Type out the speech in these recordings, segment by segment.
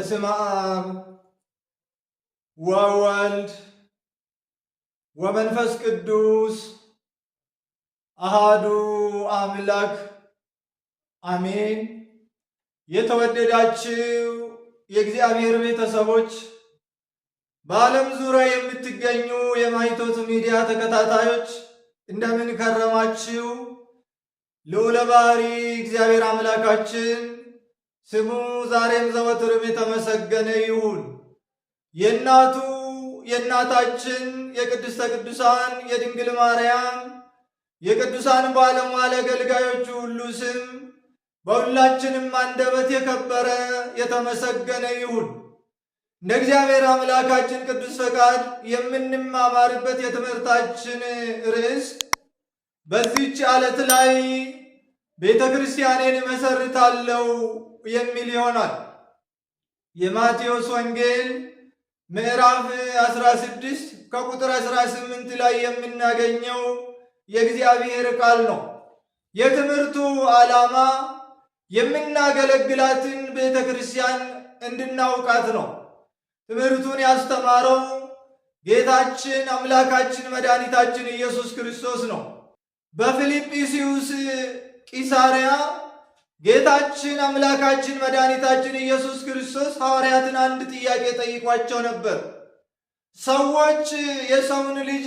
በስመ አብ ወወልድ ወመንፈስ ቅዱስ አሃዱ አምላክ አሜን። የተወደዳችሁ የእግዚአብሔር ቤተሰቦች በዓለም ዙሪያ የምትገኙ የማይቶት ሚዲያ ተከታታዮች እንደምን ከረማችሁ? ልዑለ ባህሪ እግዚአብሔር አምላካችን ስሙ ዛሬም ዘወትርም የተመሰገነ ይሁን። የእናቱ የእናታችን የቅድስተ ቅዱሳን የድንግል ማርያም የቅዱሳን ባለሟል አገልጋዮቹ ሁሉ ስም በሁላችንም አንደበት የከበረ የተመሰገነ ይሁን። እንደ እግዚአብሔር አምላካችን ቅዱስ ፈቃድ የምንማማርበት የትምህርታችን ርዕስ በዚች ዓለት ላይ ቤተ ክርስቲያኔን እመሰርታለሁ የሚል ይሆናል። የማቴዎስ ወንጌል ምዕራፍ 16 ከቁጥር 18 ላይ የምናገኘው የእግዚአብሔር ቃል ነው። የትምህርቱ ዓላማ የምናገለግላትን ቤተ ክርስቲያን እንድናውቃት ነው። ትምህርቱን ያስተማረው ጌታችን አምላካችን መድኃኒታችን ኢየሱስ ክርስቶስ ነው። በፊልጵስዩስ ቂሳርያ ጌታችን አምላካችን መድኃኒታችን ኢየሱስ ክርስቶስ ሐዋርያትን አንድ ጥያቄ ጠይቋቸው ነበር። ሰዎች የሰውን ልጅ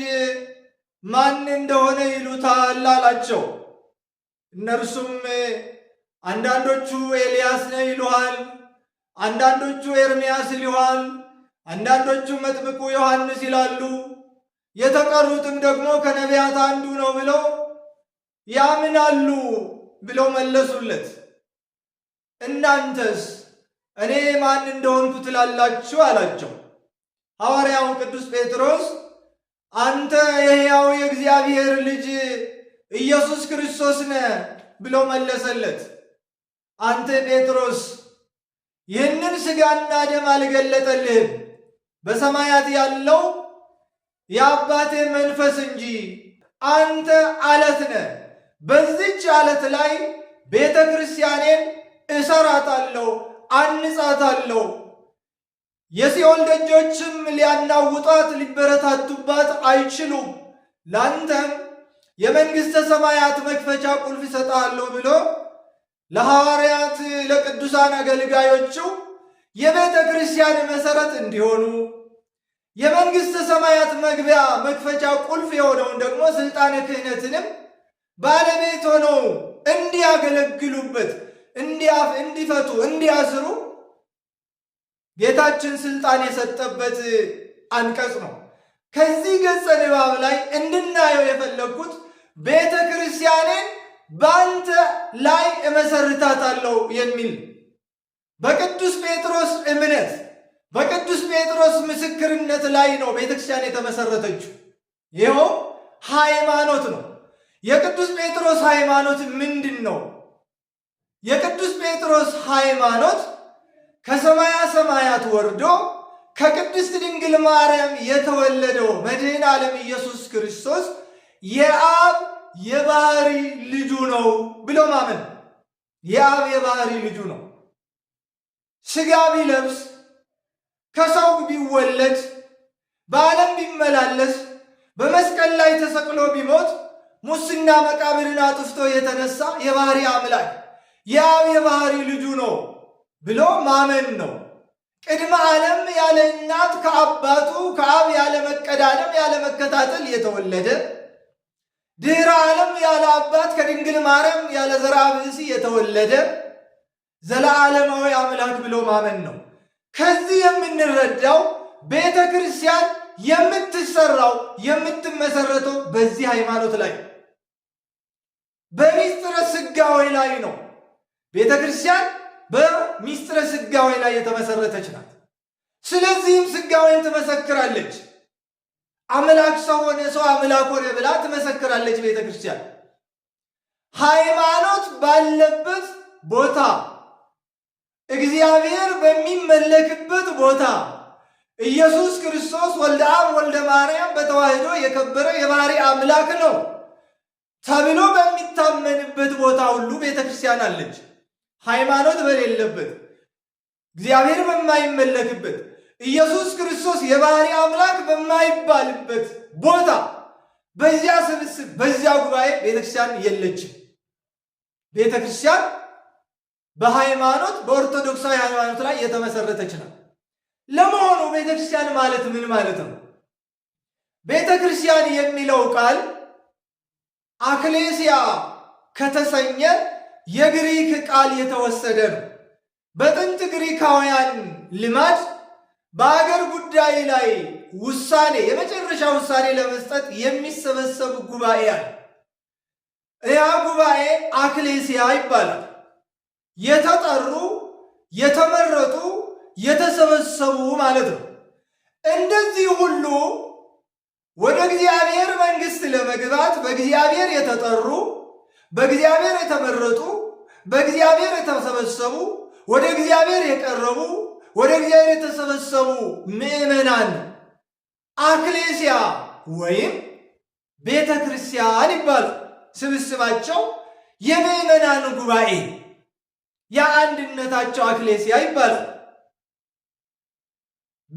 ማን እንደሆነ ይሉታል አላቸው። እነርሱም አንዳንዶቹ ኤልያስ ነው ይሉሃል፣ አንዳንዶቹ ኤርምያስ ይሉሃል፣ አንዳንዶቹ መጥምቁ ዮሐንስ ይላሉ፣ የተቀሩትም ደግሞ ከነቢያት አንዱ ነው ብለው ያምናሉ ብለው መለሱለት። እናንተስ እኔ ማን እንደሆንኩ ትላላችሁ አላቸው። ሐዋርያው ቅዱስ ጴጥሮስ አንተ የሕያው የእግዚአብሔር ልጅ ኢየሱስ ክርስቶስ ነ ብሎ መለሰለት። አንተ ጴጥሮስ ይህንን ሥጋና ደም አልገለጠልህም በሰማያት ያለው የአባቴ መንፈስ እንጂ አንተ አለት ነ! በዚች አለት ላይ ቤተ ክርስቲያኔን እሰራታለሁ፣ አንጻታለሁ። የሲኦል ደጆችም ሊያናውጧት ሊበረታቱባት አይችሉም። ላንተም የመንግሥተ ሰማያት መክፈቻ ቁልፍ ይሰጣለሁ ብሎ ለሐዋርያት ለቅዱሳን አገልጋዮቹ የቤተ ክርስቲያን መሠረት እንዲሆኑ የመንግሥተ ሰማያት መግቢያ መክፈቻ ቁልፍ የሆነውን ደግሞ ሥልጣነ ክህነትንም ባለቤት ሆነው እንዲያገለግሉበት እንዲፈቱ እንዲያስሩ ጌታችን ስልጣን የሰጠበት አንቀጽ ነው። ከዚህ ገጸ ንባብ ላይ እንድናየው የፈለግኩት ቤተ ክርስቲያኔን በአንተ ላይ እመሰርታታለሁ የሚል በቅዱስ ጴጥሮስ እምነት በቅዱስ ጴጥሮስ ምስክርነት ላይ ነው ቤተክርስቲያን የተመሰረተችው። ይኸውም ሃይማኖት ነው። የቅዱስ ጴጥሮስ ሃይማኖት ምንድን ነው? የቅዱስ ጴጥሮስ ሃይማኖት ከሰማያ ሰማያት ወርዶ ከቅድስት ድንግል ማርያም የተወለደው መድህን ዓለም ኢየሱስ ክርስቶስ የአብ የባህሪ ልጁ ነው ብሎ ማመን የአብ የባህሪ ልጁ ነው። ስጋ ቢለብስ ከሰው ቢወለድ በዓለም ቢመላለስ በመስቀል ላይ ተሰቅሎ ቢሞት ሙስና መቃብርን አጥፍቶ የተነሳ የባህሪ አምላክ የአብ የባህሪ ልጁ ነው ብሎ ማመን ነው። ቅድመ ዓለም ያለ እናት ከአባቱ ከአብ ያለ መቀዳደም ያለ መከታተል የተወለደ ድህረ ዓለም ያለ አባት ከድንግል ማርያም ያለ ዘርአ ብእሲ የተወለደ ዘለዓለማዊ አምላክ ብሎ ማመን ነው። ከዚህ የምንረዳው ቤተ ክርስቲያን የምትሰራው የምትመሰረተው በዚህ ሃይማኖት ላይ በሚስጥረ ስጋዌ ላይ ነው። ቤተ ክርስቲያን በሚስጥረ ስጋዌ ላይ የተመሰረተች ናት። ስለዚህም ስጋዌን ትመሰክራለች። አምላክ ሰው ሆነ፣ ሰው አምላክ ሆነ ብላ ትመሰክራለች ቤተ ክርስቲያን። ሃይማኖት ባለበት ቦታ፣ እግዚአብሔር በሚመለክበት ቦታ ኢየሱስ ክርስቶስ ወልደ አብ ወልደ ማርያም በተዋህዶ የከበረ የባህሪ አምላክ ነው ተብሎ በሚታመንበት ቦታ ሁሉ ቤተ ክርስቲያን አለች። ሃይማኖት በሌለበት እግዚአብሔር በማይመለክበት ኢየሱስ ክርስቶስ የባህሪ አምላክ በማይባልበት ቦታ በዚያ ስብስብ በዚያ ጉባኤ ቤተክርስቲያን የለችም። ቤተክርስቲያን በሃይማኖት በኦርቶዶክሳዊ ሃይማኖት ላይ የተመሰረተች ነው። ለመሆኑ ቤተክርስቲያን ማለት ምን ማለት ነው? ቤተክርስቲያን የሚለው ቃል አክሌሲያ ከተሰኘ የግሪክ ቃል የተወሰደ ነው። በጥንት ግሪካውያን ልማድ በአገር ጉዳይ ላይ ውሳኔ የመጨረሻ ውሳኔ ለመስጠት የሚሰበሰብ ጉባኤ አለ። ያ ጉባኤ አክሌሲያ ይባላል። የተጠሩ የተመረጡ የተሰበሰቡ ማለት ነው። እንደዚህ ሁሉ ወደ እግዚአብሔር መንግሥት ለመግባት በእግዚአብሔር የተጠሩ በእግዚአብሔር የተመረጡ በእግዚአብሔር የተሰበሰቡ ወደ እግዚአብሔር የቀረቡ ወደ እግዚአብሔር የተሰበሰቡ ምዕመናን አክሌሲያ ወይም ቤተ ክርስቲያን ይባላል። ስብስባቸው የምእመናን ጉባኤ የአንድነታቸው አክሌሲያ ይባላል።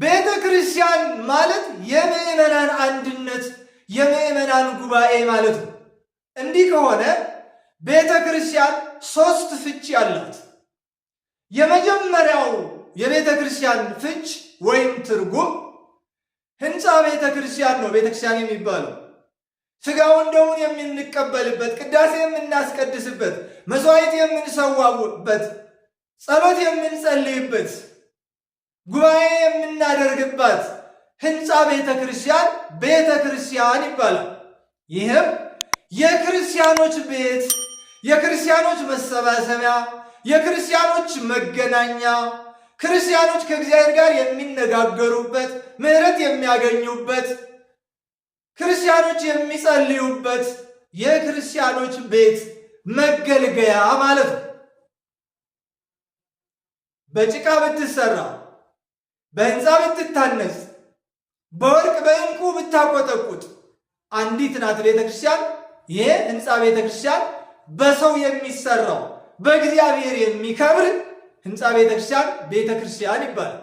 ቤተ ክርስቲያን ማለት የምእመናን አንድነት፣ የምእመናን ጉባኤ ማለት ነው። እንዲህ ከሆነ ቤተ ክርስቲያን ሶስት ፍች አላት። የመጀመሪያው የቤተ ክርስቲያን ፍች ወይም ትርጉም ህንፃ ቤተ ክርስቲያን ነው። ቤተ ክርስቲያን የሚባለው ስጋውን ደሙን የምንቀበልበት፣ ቅዳሴ የምናስቀድስበት፣ መስዋዕት የምንሰዋበት፣ ጸሎት የምንጸልይበት፣ ጉባኤ የምናደርግባት ህንፃ ቤተ ክርስቲያን ቤተ ክርስቲያን ይባላል። ይህም የክርስቲያኖች ቤት የክርስቲያኖች መሰባሰቢያ፣ የክርስቲያኖች መገናኛ፣ ክርስቲያኖች ከእግዚአብሔር ጋር የሚነጋገሩበት፣ ምሕረት የሚያገኙበት፣ ክርስቲያኖች የሚጸልዩበት የክርስቲያኖች ቤት መገልገያ ማለት ነው። በጭቃ ብትሰራ፣ በህንፃ ብትታነጽ፣ በወርቅ በእንቁ ብታቆጠቁጥ አንዲት ናት ቤተክርስቲያን ይሄ ህንፃ ቤተ ክርስቲያን በሰው የሚሰራው በእግዚአብሔር የሚከብር ህንፃ ቤተክርስቲያን ቤተክርስቲያን ይባላል።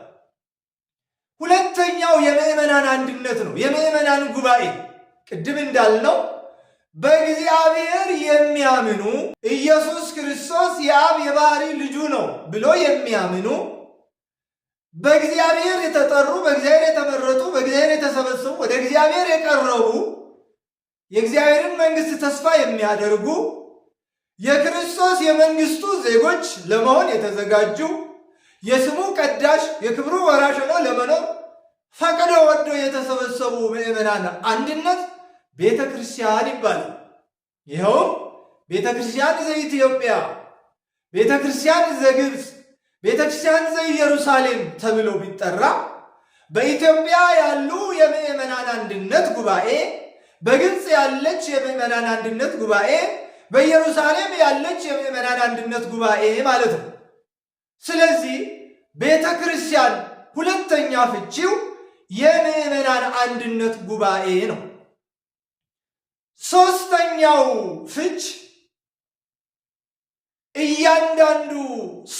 ሁለተኛው የምእመናን አንድነት ነው። የምዕመናን ጉባኤ ቅድም እንዳልነው በእግዚአብሔር የሚያምኑ ኢየሱስ ክርስቶስ የአብ የባህሪ ልጁ ነው ብሎ የሚያምኑ በእግዚአብሔር የተጠሩ፣ በእግዚአብሔር የተመረጡ፣ በእግዚአብሔር የተሰበሰቡ፣ ወደ እግዚአብሔር የቀረቡ የእግዚአብሔርን መንግሥት ተስፋ የሚያደርጉ የክርስቶስ የመንግስቱ ዜጎች ለመሆን የተዘጋጁ የስሙ ቀዳሽ የክብሩ ወራሽ ሆነው ለመኖር ፈቅዶ ወዶ የተሰበሰቡ ምዕመናን አንድነት ቤተ ክርስቲያን ይባላል። ይኸውም ቤተ ክርስቲያን ዘኢትዮጵያ፣ ቤተ ክርስቲያን ዘግብፅ፣ ቤተ ክርስቲያን ዘኢየሩሳሌም ተብሎ ቢጠራ በኢትዮጵያ ያሉ የምእመናን አንድነት ጉባኤ፣ በግብፅ ያለች የምእመናን አንድነት ጉባኤ በኢየሩሳሌም ያለች የምእመናን አንድነት ጉባኤ ማለት ነው። ስለዚህ ቤተ ክርስቲያን ሁለተኛ ፍቺው የምዕመናን አንድነት ጉባኤ ነው። ሦስተኛው ፍች እያንዳንዱ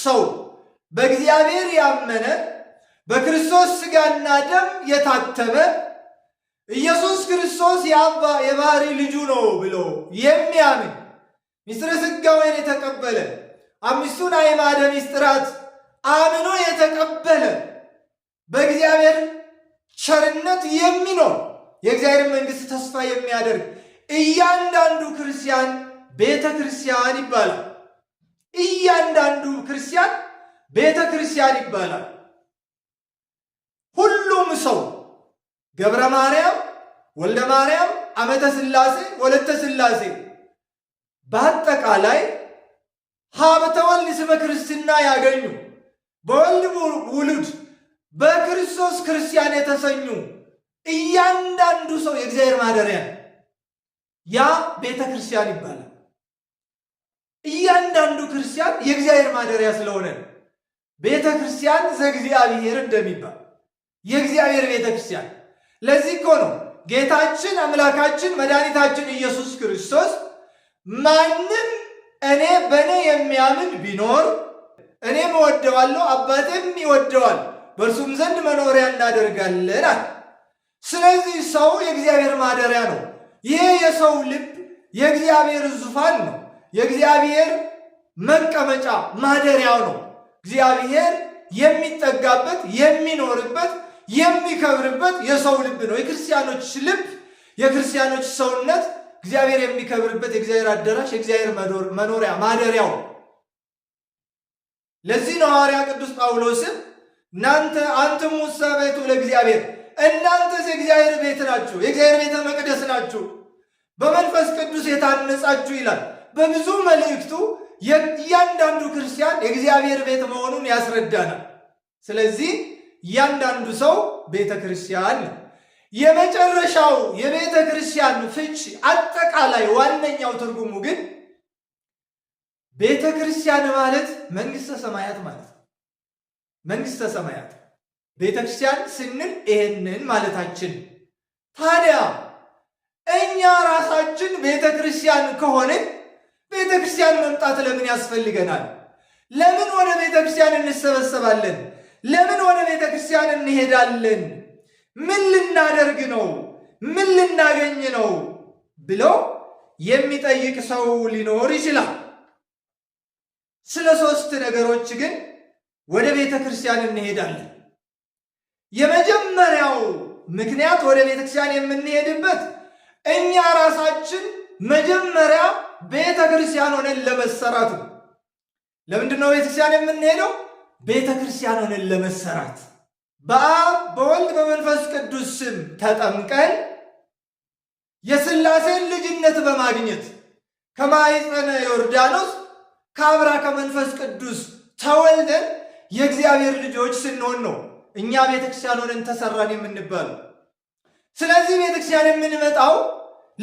ሰው በእግዚአብሔር ያመነ በክርስቶስ ሥጋና ደም የታተመ ኢየሱስ ክርስቶስ የባህሪ ልጁ ነው ብሎ የሚያምን ምስጢረ ሥጋዌን የተቀበለ አምስቱን አእማደ ምስጢራት አምኖ የተቀበለ በእግዚአብሔር ቸርነት የሚኖር የእግዚአብሔር መንግሥት ተስፋ የሚያደርግ እያንዳንዱ ክርስቲያን ቤተ ክርስቲያን ይባላል። እያንዳንዱ ክርስቲያን ቤተ ክርስቲያን ይባላል። ሁሉም ሰው ገብረ ማርያም፣ ወልደ ማርያም፣ አመተ ስላሴ ወለተ ስላሴ በአጠቃላይ ሀብተ ወልድ ስመ ክርስትና ያገኙ በወልድ ውሉድ በክርስቶስ ክርስቲያን የተሰኙ እያንዳንዱ ሰው የእግዚአብሔር ማደሪያ ያ ቤተ ክርስቲያን ይባላል። እያንዳንዱ ክርስቲያን የእግዚአብሔር ማደሪያ ስለሆነ ቤተ ክርስቲያን ዘእግዚአብሔር እንደሚባል የእግዚአብሔር ቤተ ክርስቲያን። ለዚህ እኮ ነው ጌታችን አምላካችን መድኃኒታችን ኢየሱስ ክርስቶስ ማንም እኔ በእኔ የሚያምን ቢኖር እኔም እወደዋለሁ አባቴም ይወደዋል፣ በእርሱም ዘንድ መኖሪያ እናደርጋለን አለ። ስለዚህ ሰው የእግዚአብሔር ማደሪያ ነው። ይሄ የሰው ልብ የእግዚአብሔር ዙፋን ነው። የእግዚአብሔር መቀመጫ ማደሪያው ነው። እግዚአብሔር የሚጠጋበት የሚኖርበት የሚከብርበት የሰው ልብ ነው። የክርስቲያኖች ልብ የክርስቲያኖች ሰውነት እግዚአብሔር የሚከብርበት የእግዚአብሔር አዳራሽ የእግዚአብሔር መኖሪያ ማደሪያው። ለዚህ ነው ሐዋርያ ቅዱስ ጳውሎስም እናንተ አንትሙ ውሳ ቤቱ ለእግዚአብሔር፣ እናንተስ የእግዚአብሔር ቤት ናችሁ፣ የእግዚአብሔር ቤተ መቅደስ ናችሁ፣ በመንፈስ ቅዱስ የታነጻችሁ ይላል። በብዙ መልእክቱ እያንዳንዱ ክርስቲያን የእግዚአብሔር ቤት መሆኑን ያስረዳናል። ስለዚህ እያንዳንዱ ሰው ቤተ ክርስቲያን የመጨረሻው የቤተ ክርስቲያን ፍቺ አጠቃላይ ዋነኛው ትርጉሙ ግን ቤተ ክርስቲያን ማለት መንግስተ ሰማያት ማለት ነው። መንግስተ ሰማያት ቤተ ክርስቲያን ስንል ይሄንን ማለታችን። ታዲያ እኛ ራሳችን ቤተ ክርስቲያን ከሆንን ቤተ ክርስቲያን መምጣት ለምን ያስፈልገናል? ለምን ወደ ቤተ ክርስቲያን እንሰበሰባለን? ለምን ወደ ቤተ ክርስቲያን እንሄዳለን? ምን ልናደርግ ነው? ምን ልናገኝ ነው? ብለው የሚጠይቅ ሰው ሊኖር ይችላል። ስለ ሶስት ነገሮች ግን ወደ ቤተ ክርስቲያን እንሄዳለን። የመጀመሪያው ምክንያት ወደ ቤተ ክርስቲያን የምንሄድበት እኛ ራሳችን መጀመሪያ ቤተ ክርስቲያን ሆነን ለመሰራት ነው። ለምንድን ነው ቤተ ክርስቲያን የምንሄደው? ቤተ ክርስቲያን ሆነን ለመሰራት በአብ በወልድ በመንፈስ ቅዱስ ስም ተጠምቀን የሥላሴን ልጅነት በማግኘት ከማይፀነ ዮርዳኖስ ከአብራ ከመንፈስ ቅዱስ ተወልደን የእግዚአብሔር ልጆች ስንሆን ነው እኛ ቤተክርስቲያን ሆነን ተሰራን የምንባለው። ስለዚህ ቤተክርስቲያን የምንመጣው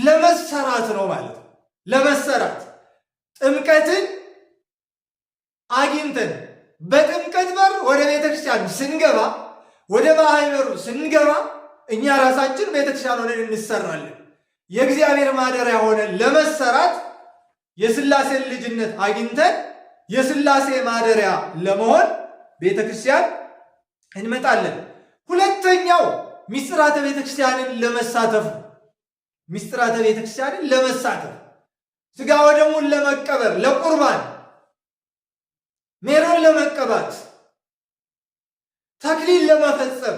ለመሰራት ነው ማለት ነው። ለመሰራት ጥምቀትን አግኝተን በጥምቀት በር ወደ ቤተክርስቲያን ስንገባ ወደ ማህበሩ ስንገባ እኛ ራሳችን ቤተክርስቲያን ሆነን እንሰራለን። የእግዚአብሔር ማደሪያ ሆነን ለመሰራት የስላሴን ልጅነት አግኝተን የስላሴ ማደሪያ ለመሆን ቤተክርስቲያን እንመጣለን። ሁለተኛው ሚስጥራተ ቤተክርስቲያንን ለመሳተፍ ሚስጥራተ ቤተክርስቲያንን ለመሳተፍ ስጋ ወደሙን ለመቀበር ለቁርባን ሜሮን ለመቀባት ተክሊል ለመፈጸም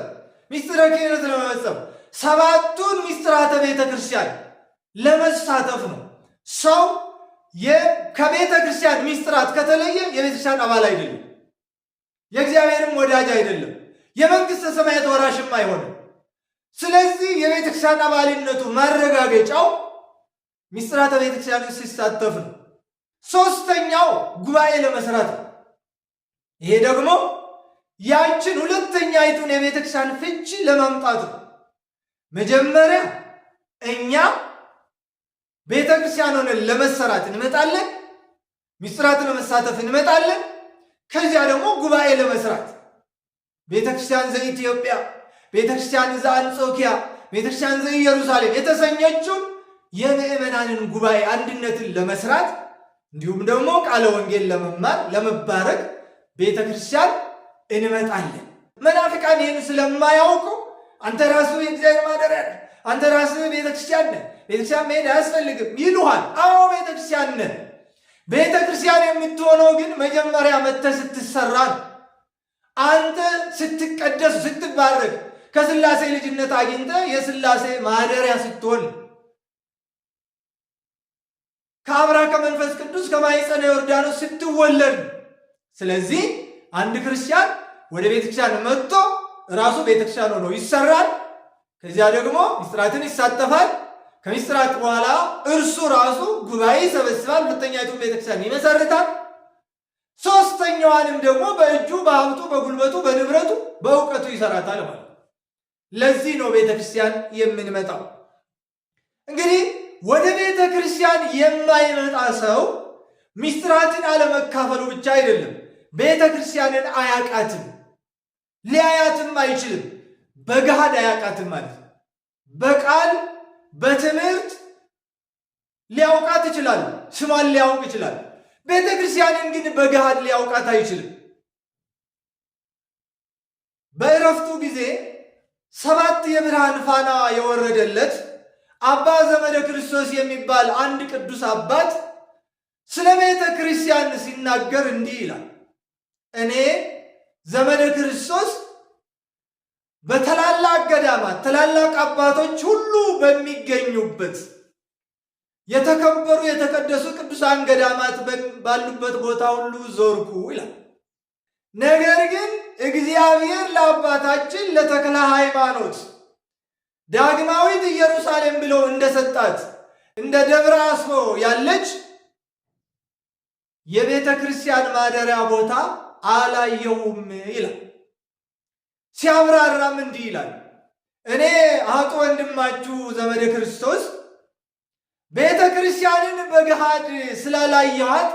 ሚስጥረ ክህነት ለመፈጸም ሰባቱን ሚስጥራተ ቤተ ክርስቲያን ለመሳተፍ ነው። ሰው ከቤተ ክርስቲያን ሚስጥራት ከተለየ የቤተ ክርስቲያን አባል አይደለም፣ የእግዚአብሔርም ወዳጅ አይደለም፣ የመንግሥተ ሰማያት ወራሽም አይሆንም። ስለዚህ የቤተ ክርስቲያን አባልነቱ ማረጋገጫው ሚስጥራተ ቤተ ክርስቲያን ሲሳተፍ ነው። ሶስተኛው ጉባኤ ለመስራት ነው። ይሄ ደግሞ ያችን ሁለተኛ ይቱን የቤተ ፍቺ ለማምጣት ነው። መጀመሪያ እኛ ቤተክርስቲያን ሆነን ለመሰራት እንመጣለን። ሚስጥራት ለመሳተፍ እንመጣለን። ከዚያ ደግሞ ጉባኤ ለመስራት ቤተክርስቲያን ዘኢትዮጵያ፣ ቤተክርስቲያን ዘአንጾኪያ፣ ቤተክርስቲያን ዘኢየሩሳሌም የተሰኘችውን የምእመናንን ጉባኤ አንድነትን ለመስራት እንዲሁም ደግሞ ቃለ ወንጌል ለመማር ለመባረክ ቤተክርስቲያን ። እንመጣለን። መናፍቃን ይህን ስለማያውቁ አንተ ራሱ የእግዚአብሔር ማደሪያ ነህ፣ አንተ ራስህ ቤተክርስቲያን ነህ፣ ቤተክርስቲያን መሄድ አያስፈልግም ይሉሃል። አዎ ቤተክርስቲያን ነህ። ቤተክርስቲያን የምትሆነው ግን መጀመሪያ መጥተህ ስትሰራ ነው። አንተ ስትቀደስ፣ ስትባረክ ከስላሴ ልጅነት አግኝተ የስላሴ ማደሪያ ስትሆን ከአብራ ከመንፈስ ቅዱስ ከማይፀነ ዮርዳኖስ ስትወለድ። ስለዚህ አንድ ክርስቲያን ወደ ቤተክርስቲያን መጥቶ ራሱ ቤተክርስቲያን ሆኖ ይሰራል። ከዚያ ደግሞ ምስጢራትን ይሳተፋል። ከምስጢራት በኋላ እርሱ ራሱ ጉባኤ ይሰበስባል። ሁለተኛይቱን ቤተክርስቲያን ይመሰርታል። ሶስተኛዋንም ደግሞ በእጁ በሀብቱ፣ በጉልበቱ፣ በንብረቱ፣ በእውቀቱ ይሰራታል ማለት ነው። ለዚህ ነው ቤተክርስቲያን የምንመጣው። እንግዲህ ወደ ቤተ ክርስቲያን የማይመጣ ሰው ምስጢራትን አለመካፈሉ ብቻ አይደለም፣ ቤተ ክርስቲያንን ሊያያትም አይችልም። በገሃድ አያውቃትም ማለት ነው። በቃል በትምህርት ሊያውቃት ይችላል። ስሟን ሊያውቅ ይችላል። ቤተ ክርስቲያንን ግን በገሃድ ሊያውቃት አይችልም። በእረፍቱ ጊዜ ሰባት የብርሃን ፋና የወረደለት አባ ዘመደ ክርስቶስ የሚባል አንድ ቅዱስ አባት ስለ ቤተ ክርስቲያን ሲናገር እንዲህ ይላል እኔ ዘመነ ክርስቶስ በታላላቅ ገዳማት ታላላቅ አባቶች ሁሉ በሚገኙበት የተከበሩ የተቀደሱ ቅዱሳን ገዳማት ባሉበት ቦታ ሁሉ ዞርኩ ይላል። ነገር ግን እግዚአብሔር ለአባታችን ለተክለ ሃይማኖት ዳግማዊት ኢየሩሳሌም ብሎ እንደሰጣት እንደ ደብረ አስቦ ያለች የቤተ ክርስቲያን ማደሪያ ቦታ አላየውም ይላል። ሲያብራራም እንዲህ ይላል፣ እኔ አቶ ወንድማችሁ ዘመደ ክርስቶስ ቤተ ክርስቲያንን በገሃድ ስላላየሃት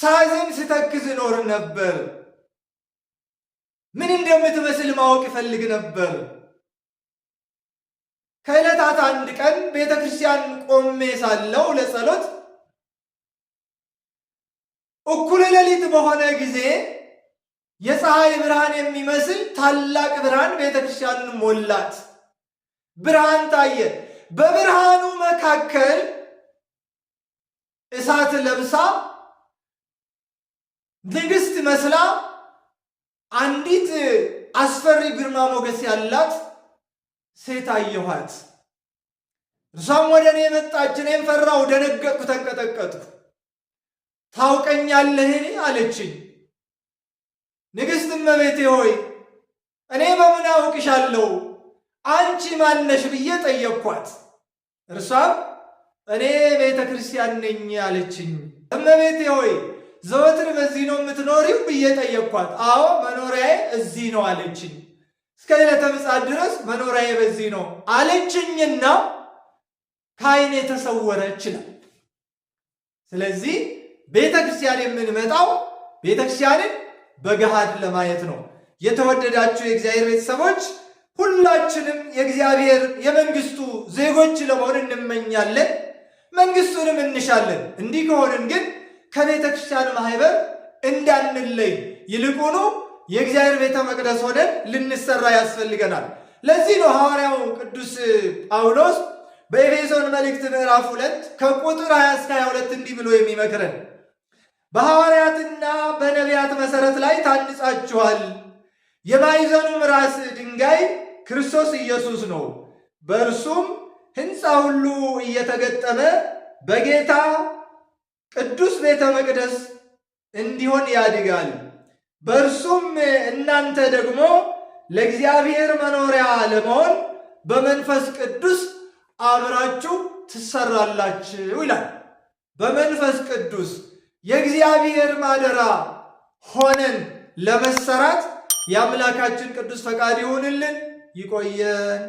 ሳዝን ስተክዝ ኖር ነበር። ምን እንደምትመስል ማወቅ ይፈልግ ነበር። ከዕለታት አንድ ቀን ቤተ ክርስቲያን ቆሜ ሳለው ለጸሎት እኩል ሌሊት በሆነ ጊዜ የፀሐይ ብርሃን የሚመስል ታላቅ ብርሃን ቤተ ሞላት። ብርሃን ታየ። በብርሃኑ መካከል እሳት ለብሳ ንግሥት መስላ አንዲት አስፈሪ ግርማ ሞገስ ያላት ሴት አየኋት። እርሷም ወደ እኔ መጣች። እኔም ፈራሁ፣ ደነገጥኩ፣ ተንቀጠቀጥኩ። ታውቀኛለህን አለችኝ። ንግሥት እመቤቴ ሆይ እኔ በምን አውቅሻለሁ አንቺ ማነሽ ብዬ ጠየቅኳት። እርሷም እኔ ቤተ ክርስቲያን ነኝ አለችኝ። እመቤቴ ሆይ ዘወትር በዚህ ነው የምትኖሪው ብዬ ጠየቅኳት። አዎ መኖሪያዬ እዚህ ነው አለችኝ። እስከ ዕለተ ምጽአት ድረስ መኖሪያዬ በዚህ ነው አለችኝና ከዓይን የተሰወረ ይችላል። ስለዚህ ቤተ ክርስቲያን የምንመጣው ቤተ ክርስቲያንን በገሃድ ለማየት ነው። የተወደዳችሁ የእግዚአብሔር ቤተሰቦች ሁላችንም የእግዚአብሔር የመንግስቱ ዜጎች ለመሆን እንመኛለን፣ መንግስቱንም እንሻለን። እንዲህ ከሆንን ግን ከቤተ ክርስቲያን ማህበር እንዳንለይ፣ ይልቁኑ የእግዚአብሔር ቤተ መቅደስ ሆነን ልንሰራ ያስፈልገናል። ለዚህ ነው ሐዋርያው ቅዱስ ጳውሎስ በኤፌሶን መልእክት ምዕራፍ ሁለት ከቁጥር 20 እስከ 22 እንዲህ ብሎ የሚመክረን በሐዋርያትና በነቢያት መሠረት ላይ ታንጻችኋል። የማዕዘኑም ራስ ድንጋይ ክርስቶስ ኢየሱስ ነው። በእርሱም ሕንፃ ሁሉ እየተገጠመ በጌታ ቅዱስ ቤተ መቅደስ እንዲሆን ያድጋል። በእርሱም እናንተ ደግሞ ለእግዚአብሔር መኖሪያ ለመሆን በመንፈስ ቅዱስ አብራችሁ ትሰራላችሁ ይላል። በመንፈስ ቅዱስ የእግዚአብሔር ማደራ ሆነን ለመሰራት የአምላካችን ቅዱስ ፈቃድ ይሁንልን። ይቆየን።